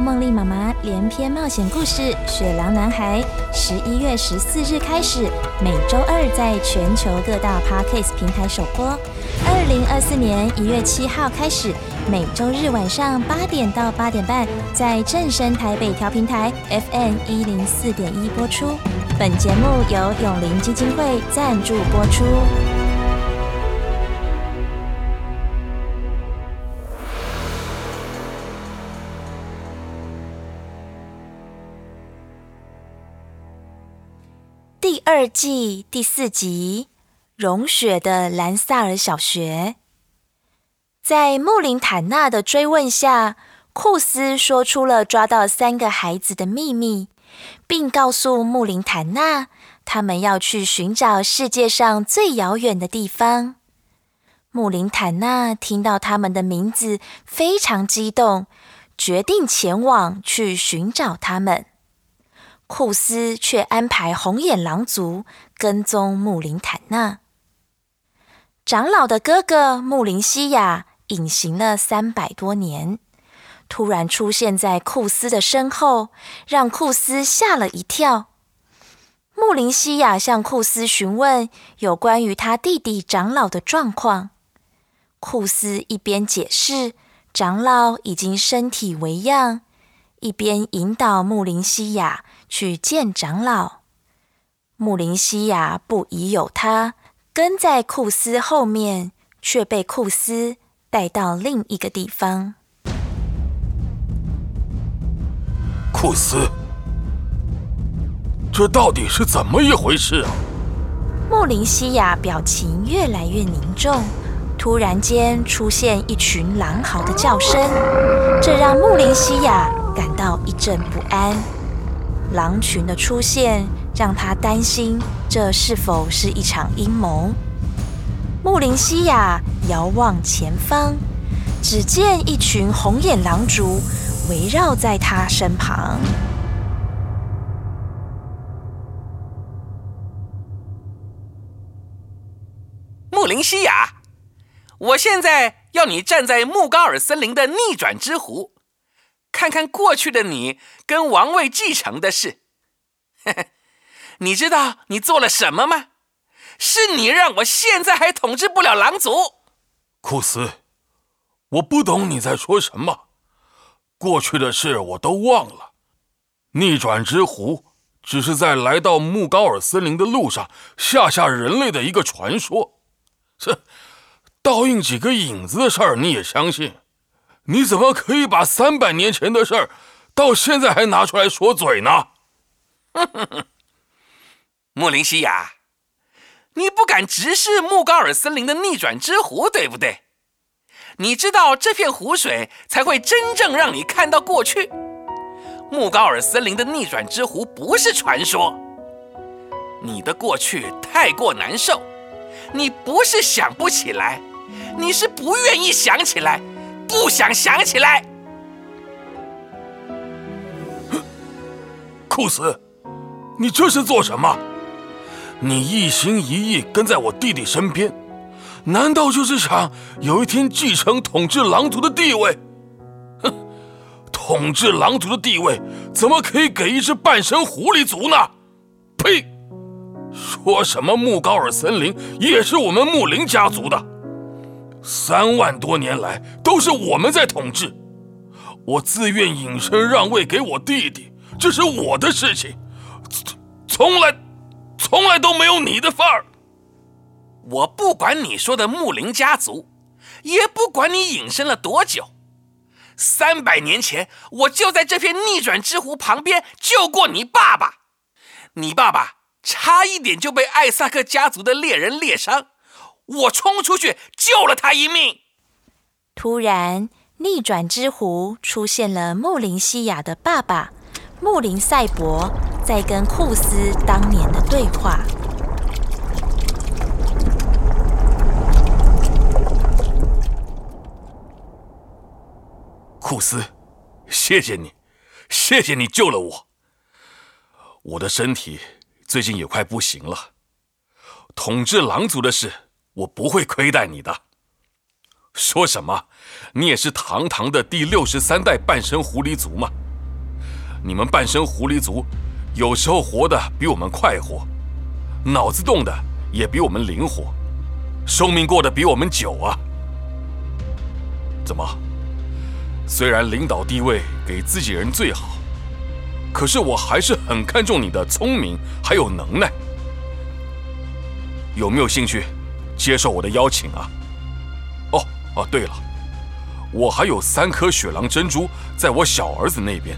《夢莉媽媽連篇冒險故事：雪狼男孩》，十一月十四日開始，每周二在全球各大 Podcast 平台首播。二零二四年一月七號開始，每周日晚上八點到八點半，在正聲台北調頻台 FM 一零四點一播出。本節目由永齡基金會贊助播出。二季第四集《融雪的蘭薩爾小學》在穆林坦納的追問下，庫斯說出了抓到了三個孩子的秘密，並告訴穆林坦納他們要去尋找世界上最遙遠的地方。穆林坦納聽到他們的名字，非常激動，決定前往去尋找他們。庫斯卻安排紅眼狼族跟蹤穆林坦納。長老的哥哥穆林西亞隱形了三百多年，突然出現在庫斯的身後，讓庫斯嚇了一跳。穆林西亞向庫斯詢問有關於他弟弟長老的狀況。庫斯一邊解釋長老已經身體微恙，一邊引導穆林西亞。去見長老，穆林西亞不疑有他，跟在庫斯後面，卻被庫斯帶到另一個地方。庫斯，這到底是怎麼一回事啊？穆林西亞表情越來越凝重，突然間出現一群狼嚎的叫聲，這讓穆林西亞感到一陣不安。狼群的出現讓他擔心，這是否是一場陰謀？穆林西亞遙望前方，只見一群紅眼狼族圍繞在他身旁。穆林西亞，我現在要你站在穆高爾森林的逆轉之湖。看看過去的你跟王位繼承的事，嘿嘿，你知道你做了什麼嗎？是你讓我現在還統治不了狼族，庫斯，我不懂你在說什麼，過去的事我都忘了，逆轉之湖只是在來到穆高爾森林的路上嚇嚇人類的一個傳說，這倒映幾個影子的事兒你也相信？你怎麼可以把三百年前的事兒到現在還拿出來說嘴呢？穆 林西亞，你不敢直視穆高爾森林的逆轉之湖，對不對？你知道這片湖水才會真正讓你看到過去。穆高爾森林的逆轉之湖不是傳說。你的過去太過難受，你不是想不起來，你是不願意想起來。不想想起來，庫斯，你這是做什麼？你一心一意跟在我弟弟身邊，難道就是想有一天繼承統治狼族的地位？哼，統治狼族的地位怎麼可以給一隻半神狐狸族呢？呸！說什麼穆高爾森林也是我們穆林家族的。三萬多年來都是我們在統治。我自願隱身讓位給我弟弟，這是我的事情，從從來從來都沒有你的份兒。我不管你說的木林家族，也不管你隱身了多久。三百年前我就在這片逆轉之湖旁邊救過你爸爸，你爸爸差一點就被艾薩克家族的獵人獵傷。我衝出去救了他一命。突然，逆轉之湖出現了，穆林西亞的爸爸穆林賽博在跟庫斯當年的對話。庫斯，謝謝你，謝謝你救了我。我的身體最近也快不行了。統治狼族的事。我不會虧待你的。說什麼，你也是堂堂的第六十三代半身狐狸族嘛。你們半身狐狸族，有時候活得比我們快活，腦子動的也比我們靈活，壽命過得比我們久啊。怎麼？雖然領導地位給自己人最好，可是我還是很看重你的聰明還有能耐。有沒有興趣？接受我的邀請啊！哦哦、啊，對了，我還有三顆雪狼珍珠在我小兒子那邊。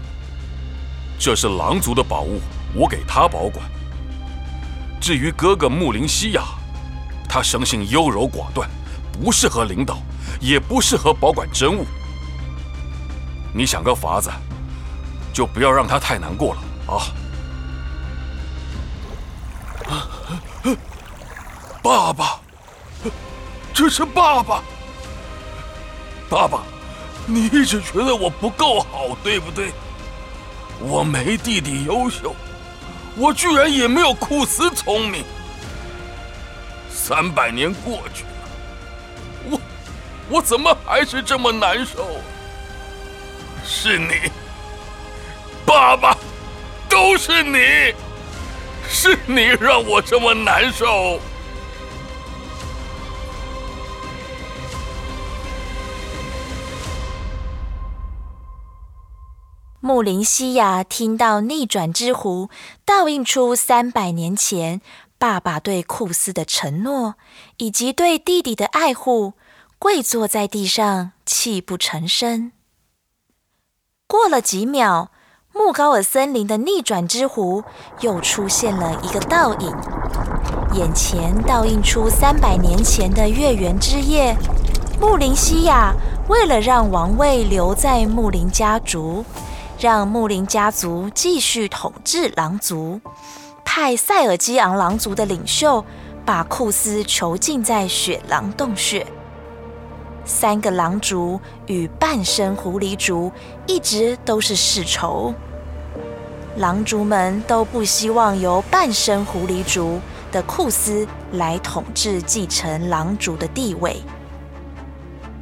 這是狼族的寶物，我給他保管。至於哥哥穆林西亞、啊，他生性優柔寡斷，不適合領導，也不適合保管真物。你想個法子，就不要讓他太難過了啊，啊，啊，啊！爸爸。這是爸爸，爸爸，你一直覺得我不夠好，對不對？我沒弟弟優秀，我居然也沒有庫斯聰明。三百年過去了，我，我怎麼還是這麼難受？是你，爸爸，都是你，是你讓我這麼難受。穆林西亞聽到逆轉之湖倒映出三百年前爸爸對庫斯的承諾，以及對弟弟的愛護，跪坐在地上泣不成聲。過了幾秒，穆高爾森林的逆轉之湖又出現了一個倒影，眼前倒映出三百年前的月圓之夜。穆林西亞為了讓王位留在穆林家族。讓木林家族繼續統治狼族，派塞爾基昂狼族的領袖把庫斯囚禁在雪狼洞穴。三個狼族與半身狐狸族一直都是世仇，狼族們都不希望由半身狐狸族的庫斯來統治、繼承狼族的地位。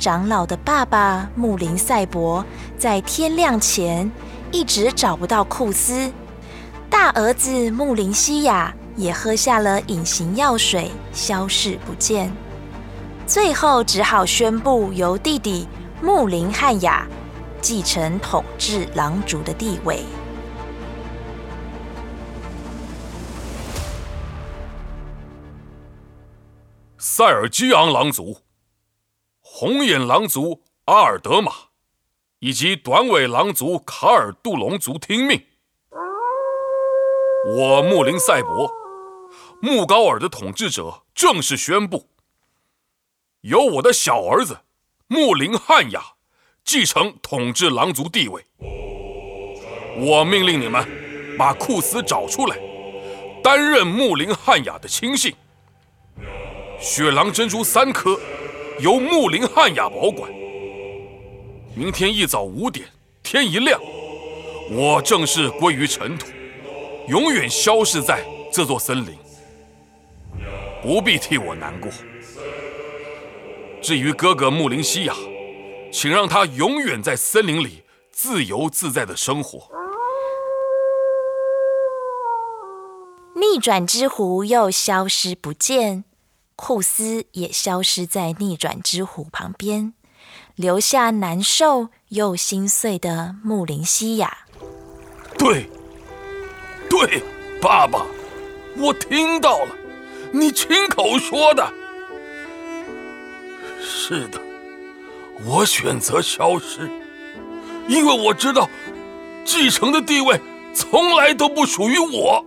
長老的爸爸穆林賽博在天亮前一直找不到庫斯，大兒子穆林西亞也喝下了隱形藥水，消失不見。最後只好宣布由弟弟穆林漢雅繼承統治狼族的地位。塞爾基昂狼族。紅眼狼族阿爾德瑪，以及短尾狼族卡爾杜隆族聽命。我穆林賽博，穆高爾的統治者正式宣布，由我的小兒子穆林漢雅繼承統治狼族地位。我命令你們把庫斯找出來，擔任穆林漢雅的親信。雪狼珍珠三顆。由穆林漢雅保管。明天一早五點，天一亮，我正式歸於塵土，永遠消失在這座森林。不必替我難過。至於哥哥穆林西雅，請讓他永遠在森林裡自由自在的生活。逆轉之湖又消失不見。庫斯也消失在逆轉之湖旁邊，留下難受又心碎的穆林西亞。對，對，爸爸，我聽到了，你親口說的。是的，我選擇消失，因為我知道繼承的地位從來都不屬於我。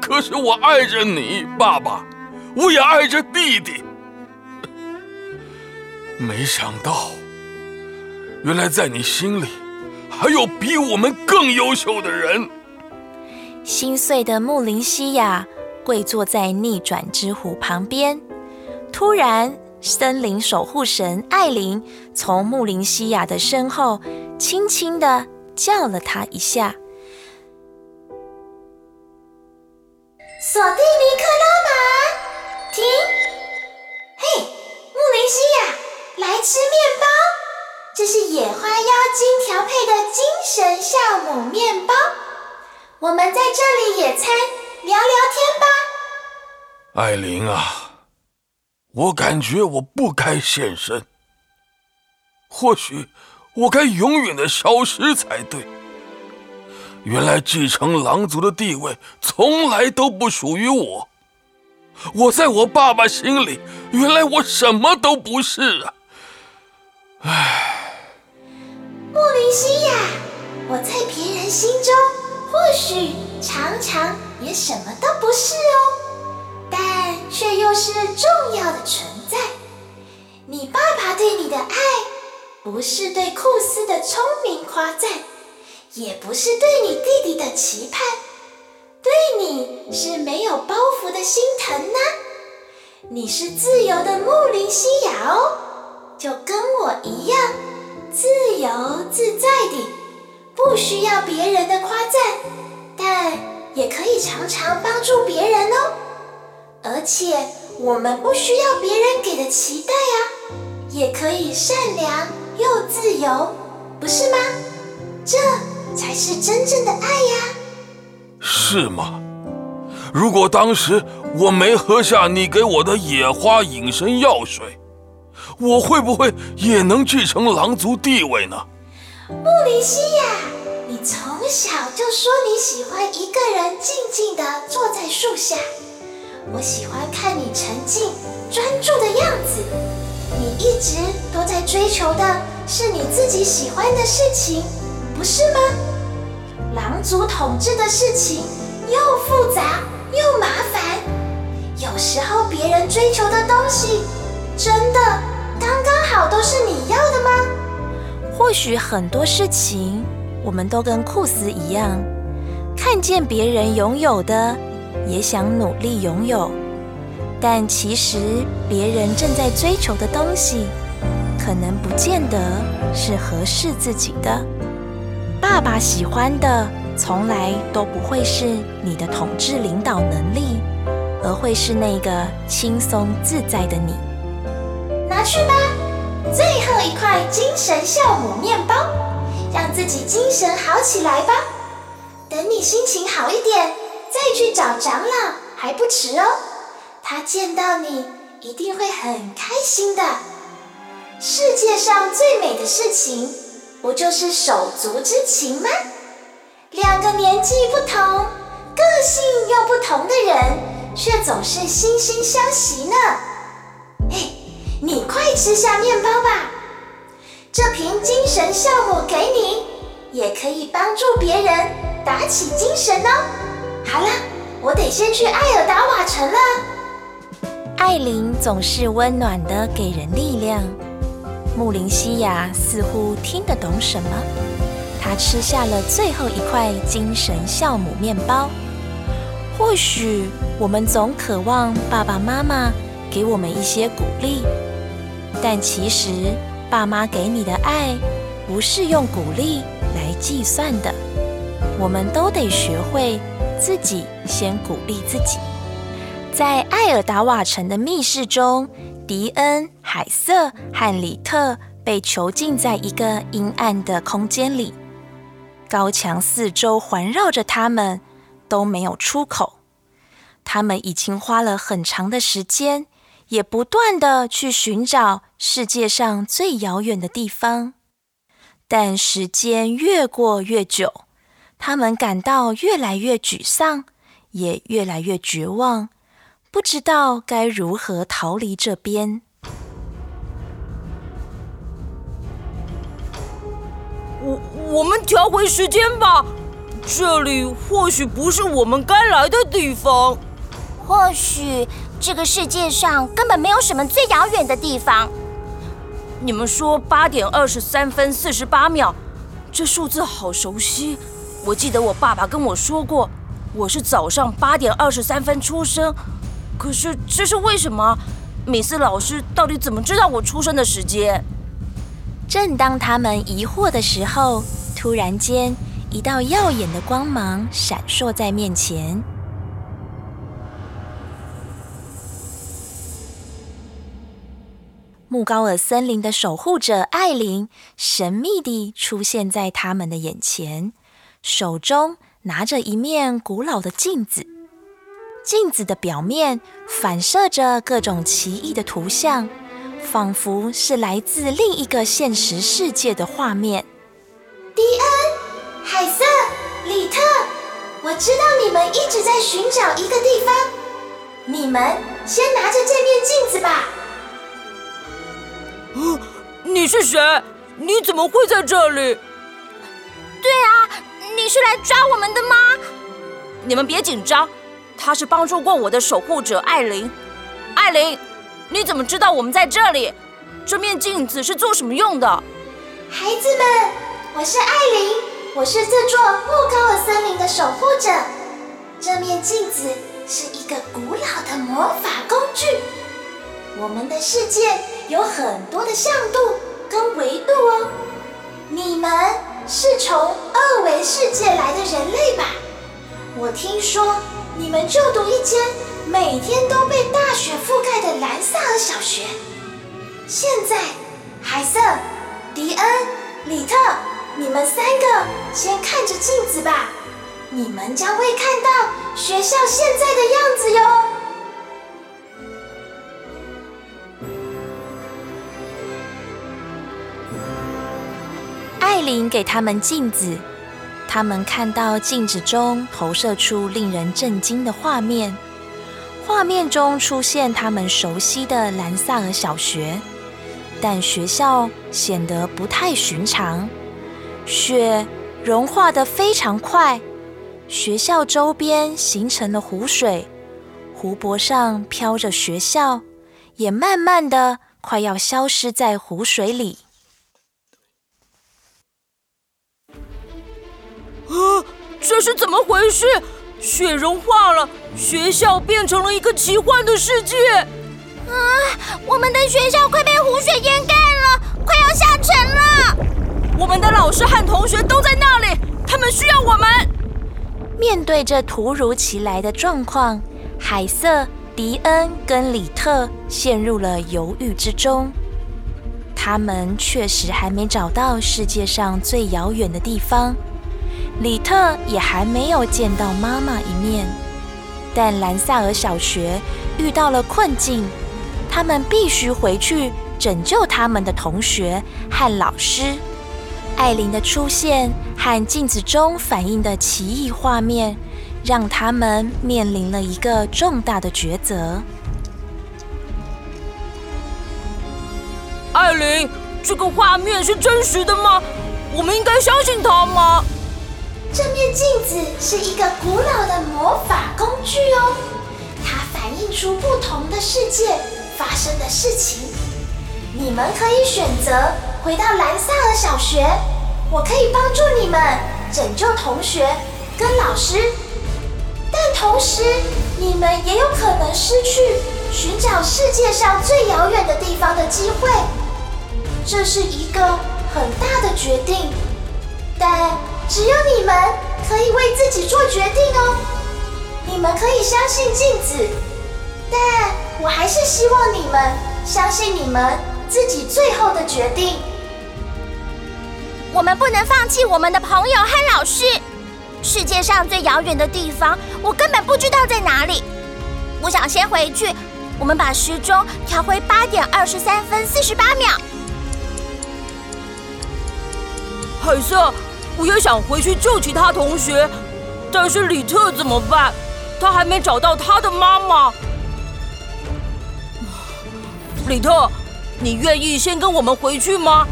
可是我愛着你，爸爸。我也愛着弟弟，沒想到，原來在你心裡，還有比我們更優秀的人。心碎的穆林西亞跪坐在逆轉之湖旁邊，突然，森林守護神艾琳從穆林西亞的身後輕輕的叫了他一下：“索蒂尼克羅。”停！嘿，木林希亞，來吃面包！這是野花妖精調配的精神酵母面包。我們在這裡野餐，聊聊天吧。艾琳啊，我感覺我不該現身。或許我該永遠的消失才對。原來繼承狼族的地位，從來都不屬於我。我在我爸爸心裡，原來我什麼都不是啊！唉，莫林西亞啊，我在別人心中或許常常也什麼都不是哦，但卻又是重要的存在。你爸爸對你的愛，不是對庫斯的聰明誇讚，也不是對你弟弟的期盼。對你是沒有包袱的心疼呢，你是自由的木林西雅哦，就跟我一樣，自由自在的，不需要別人的誇讚，但也可以常常幫助別人哦。而且我們不需要別人給的期待啊，也可以善良又自由，不是嗎？這才是真正的愛呀，啊。是嗎？如果當時我沒喝下你給我的野花隱身藥水，我會不會也能繼承狼族地位呢？穆林西婭，你從小就說你喜歡一個人靜靜地坐在樹下，我喜歡看你沉靜專注的樣子。你一直都在追求的是你自己喜歡的事情，不是嗎？狼族統治的事情又複雜又麻煩，有時候別人追求的東西，真的剛剛好都是你要的嗎？或許很多事情，我們都跟庫斯一樣，看見別人擁有的，也想努力擁有，但其實別人正在追求的東西，可能不見得是合適自己的。爸爸喜歡的從來都不會是你的統治領導能力，而會是那個輕鬆自在的你。拿去吧，最後一塊精神酵母麵包，讓自己精神好起來吧。等你心情好一點，再去找長老還不遲哦。他見到你一定會很開心的。世界上最美的事情。不就是手足之情嗎？兩個年紀不同、個性又不同的人，卻總是惺惺相惜呢。哎，你快吃下面包吧，這瓶精神效果給你，也可以幫助別人打起精神哦。好了，我得先去艾爾達瓦城了。艾琳總是溫暖的，給人力量。穆林西亞似乎聽得懂什麼，他吃下了最後一塊精神酵母麵包。或許我們總渴望爸爸媽媽給我們一些鼓勵，但其實爸媽給你的愛不是用鼓勵來計算的。我們都得學會自己先鼓勵自己。在艾爾達瓦城的密室中。迪恩、海瑟和里特被囚禁在一個陰暗的空間裡，高牆四周環繞着他們，都沒有出口。他們已經花了很長的時間，也不斷地去尋找世界上最遙遠的地方，但時間越過越久，他們感到越來越沮喪，也越來越絕望。不知道該如何逃離這邊。我我們調回時間吧，這裡或許不是我們該來的地方。或許這個世界上根本沒有什麼最遙遠的地方。你們說八點二十三分四十八秒，這數字好熟悉。我記得我爸爸跟我說過，我是早上八點二十三分出生。可是這是為什麼？米斯老師到底怎麼知道我出生的時間？正當他們疑惑的時候，突然間一道耀眼的光芒閃爍在面前。木高爾森林的守護者艾琳神秘地出現在他們的眼前，手中拿着一面古老的鏡子。鏡子的表面反射着各種奇異的圖像，仿佛是來自另一個現實世界的畫面。迪恩、海瑟、里特，我知道你們一直在尋找一個地方。你們先拿着這面鏡子吧。你是誰？你怎麼會在這裡？對啊，你是來抓我們的嗎？你們別緊張。他是幫助過我的守護者艾琳。艾琳，你怎麼知道我們在這裡？這面鏡子是做什麼用的？孩子們，我是艾琳，我是這座富高的森林的守護者。這面鏡子是一個古老的魔法工具。我們的世界有很多的向度跟維度哦。你們是從二維世界來的人類吧？我聽說。你們就讀一間每天都被大雪覆蓋的蘭薩爾小學。現在，海瑟、迪恩、里特，你們三個先看着鏡子吧。你們將會看到學校現在的樣子喲。艾琳給他們鏡子。他們看到鏡子中投射出令人震驚的畫面，畫面中出現他們熟悉的蘭薩爾小學，但學校顯得不太尋常。雪融化得非常快，學校周邊形成了湖水，湖泊上飄着學校，也慢慢的快要消失在湖水裡。啊！這是怎麼回事？雪融化了，學校變成了一個奇幻的世界。啊！我們的學校快被湖水淹蓋了，快要下沉了。我們的老師和同學都在那裡，他們需要我們。面對這突如其來的狀況，海瑟、迪恩跟里特陷入了猶豫之中。他們確實還沒找到世界上最遙遠的地方。李特也還沒有見到媽媽一面，但蘭薩爾小學遇到了困境，他們必須回去拯救他們的同學和老師。艾琳的出現和鏡子中反映的奇異畫面，讓他們面臨了一個重大的抉擇。艾琳，這個畫面是真實的嗎？我們應該相信他嗎？這面鏡子是一個古老的魔法工具哦，它反映出不同的世界發生的事情。你們可以選擇回到蘭薩爾小學，我可以幫助你們拯救同學跟老師。但同時，你們也有可能失去尋找世界上最遙遠的地方的機會。這是一個很大的決定，但。只有你們可以為自己做決定哦。你們可以相信鏡子，但我還是希望你們相信你們自己最後的決定。我們不能放棄我們的朋友和老師。世界上最遙遠的地方，我根本不知道在哪裡。我想先回去。我們把時鐘調回八點二十三分四十八秒。海瑟。我也想回去救其他同學，但是李特怎麼辦？他還沒找到他的媽媽。李特，你願意先跟我們回去嗎？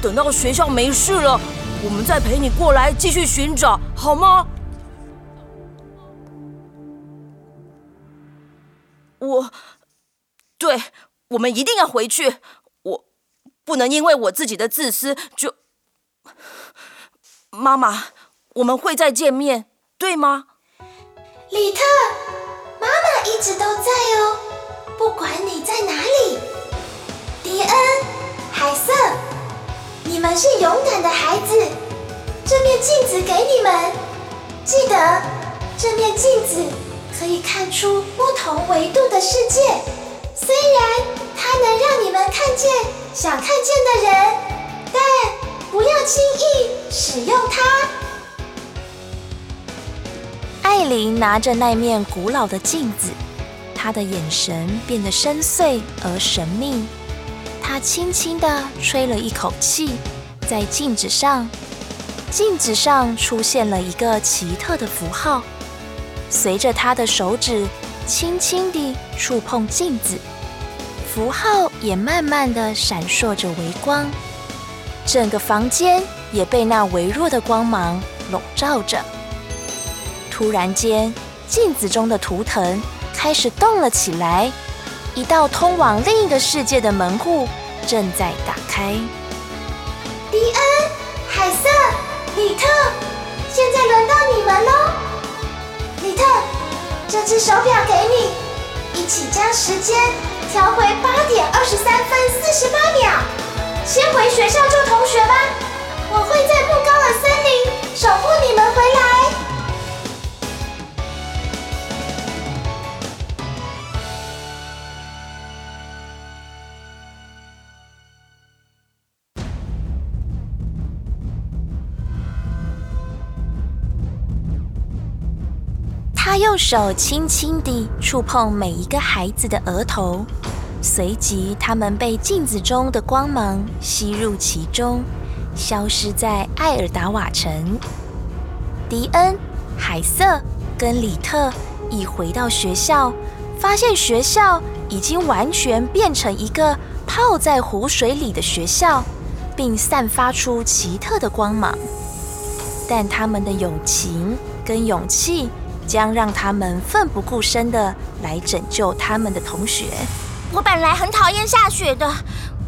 等到學校沒事了，我們再陪你過來繼續尋找，好嗎？我，對，我們一定要回去。我，不能因為我自己的自私就。媽媽，我們會再見面，對嗎？李特，媽媽一直都在哦，不管你在哪裡。迪恩，海瑟，你們是勇敢的孩子。這面鏡子給你們，記得，這面鏡子可以看出不同維度的世界。雖然它能讓你們看見想看見的人，但。不要輕易使用它。艾琳拿着那面古老的鏡子，她的眼神變得深邃而神秘。她輕輕地吹了一口氣，在鏡子上，鏡子上出現了一個奇特的符號。隨着她的手指輕輕地觸碰鏡子，符號也慢慢地閃爍着微光。整個房間也被那微弱的光芒籠罩着。突然間，鏡子中的圖騰開始動了起來，一道通往另一個世界的門戶正在打開。迪恩、海瑟、里特，現在輪到你們咯。里特，這只手表給你，一起將時間調回八點二十三分四十八秒。先回學校救同學吧，我會在不高的森林守護你們回來。他用手輕輕地觸碰每一個孩子的額頭。隨即，他們被鏡子中的光芒吸入其中，消失在艾爾達瓦城。迪恩、海瑟跟李特一回到學校，發現學校已經完全變成一個泡在湖水裡的學校，並散發出奇特的光芒。但他們的友情跟勇氣將讓他們奮不顧身地來拯救他們的同學。我本來很討厭下雪的，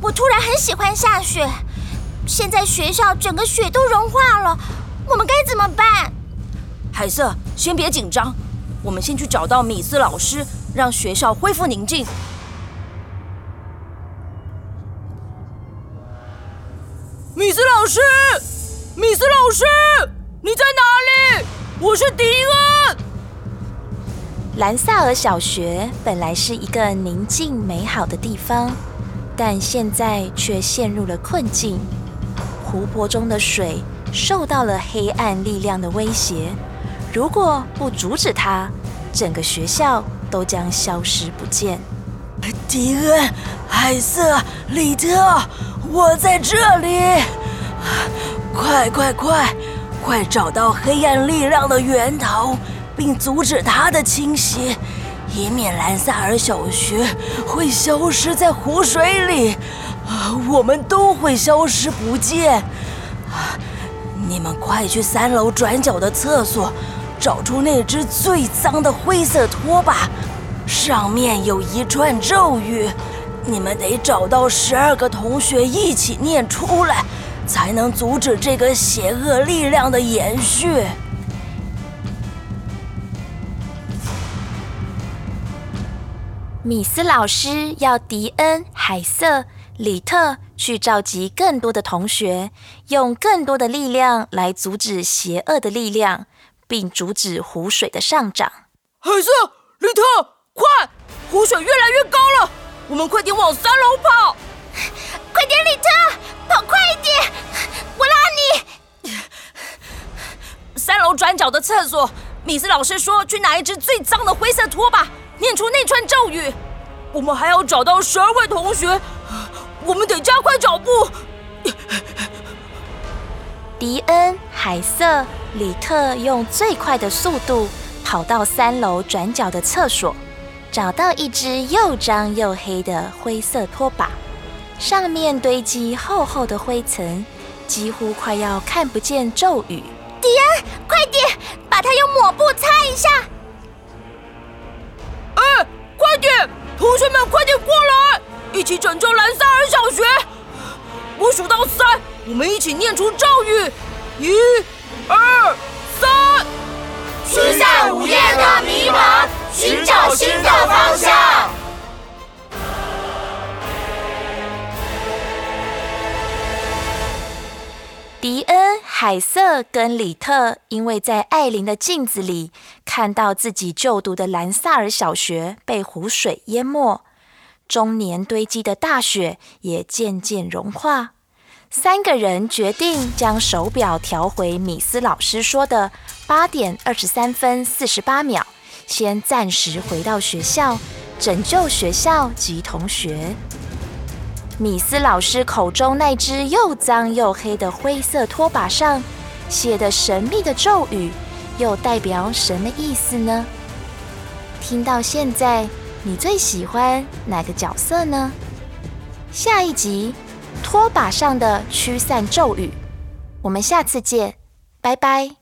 我突然很喜歡下雪。現在學校整個雪都融化了，我們該怎麼辦？海瑟，先別緊張，我們先去找到米斯老師，讓學校恢復寧靜。米斯老師，米斯老師，你在哪裡？我是迪恩。蘭薩爾小學本來是一個寧靜美好的地方，但現在卻陷入了困境。湖泊中的水受到了黑暗力量的威脅，如果不阻止它，整個學校都將消失不見。迪恩、海瑟、里特，我在這裡！啊，快快快，快找到黑暗力量的源頭！並阻止它的侵襲，以免蘭薩爾小學會消失在湖水裡，啊，我們都會消失不見。你們快去三樓轉角的廁所，找出那只最髒的灰色拖把，上面有一串咒語，你們得找到十二個同學一起念出來，才能阻止這個邪惡力量的延續。米斯老師要迪恩、海瑟、裡特去召集更多的同學，用更多的力量來阻止邪惡的力量，並阻止湖水的上漲。海瑟、裡特，快！湖水越來越高了，我們快點往三樓跑！快點，里特，跑快一點！我拉你。三樓轉角的廁所，米斯老師說去拿一支最髒的灰色拖把。念出那串咒語，我們還要找到十二位同學，我們得加快腳步。 迪恩、海瑟、里特用最快的速度跑到三樓轉角的廁所，找到一隻又髒又黑的灰色拖把，上面堆積厚厚的灰塵，幾乎快要看不見咒語。迪恩，快點，把它用抹布擦一下。同學們，快點過來，一起拯救蘭薩爾小學！我數到三，我們一起念出咒語：一、二、三，驅散午夜的迷茫，尋找新的方向。迪恩。凱瑟跟李特因為在艾琳的鏡子裡看到自己就讀的蘭薩爾小學被湖水淹沒，終年堆積的大雪也漸漸融化，三個人決定將手表調回米斯老師說的八點二十三分四十八秒，先暫時回到學校拯救學校及同學。米斯老師口中那隻又髒又黑的灰色拖把上寫的神秘的咒語，又代表什麼意思呢？聽到現在，你最喜歡哪個角色呢？下一集《拖把上的驅散咒語》，我們下次見，拜拜。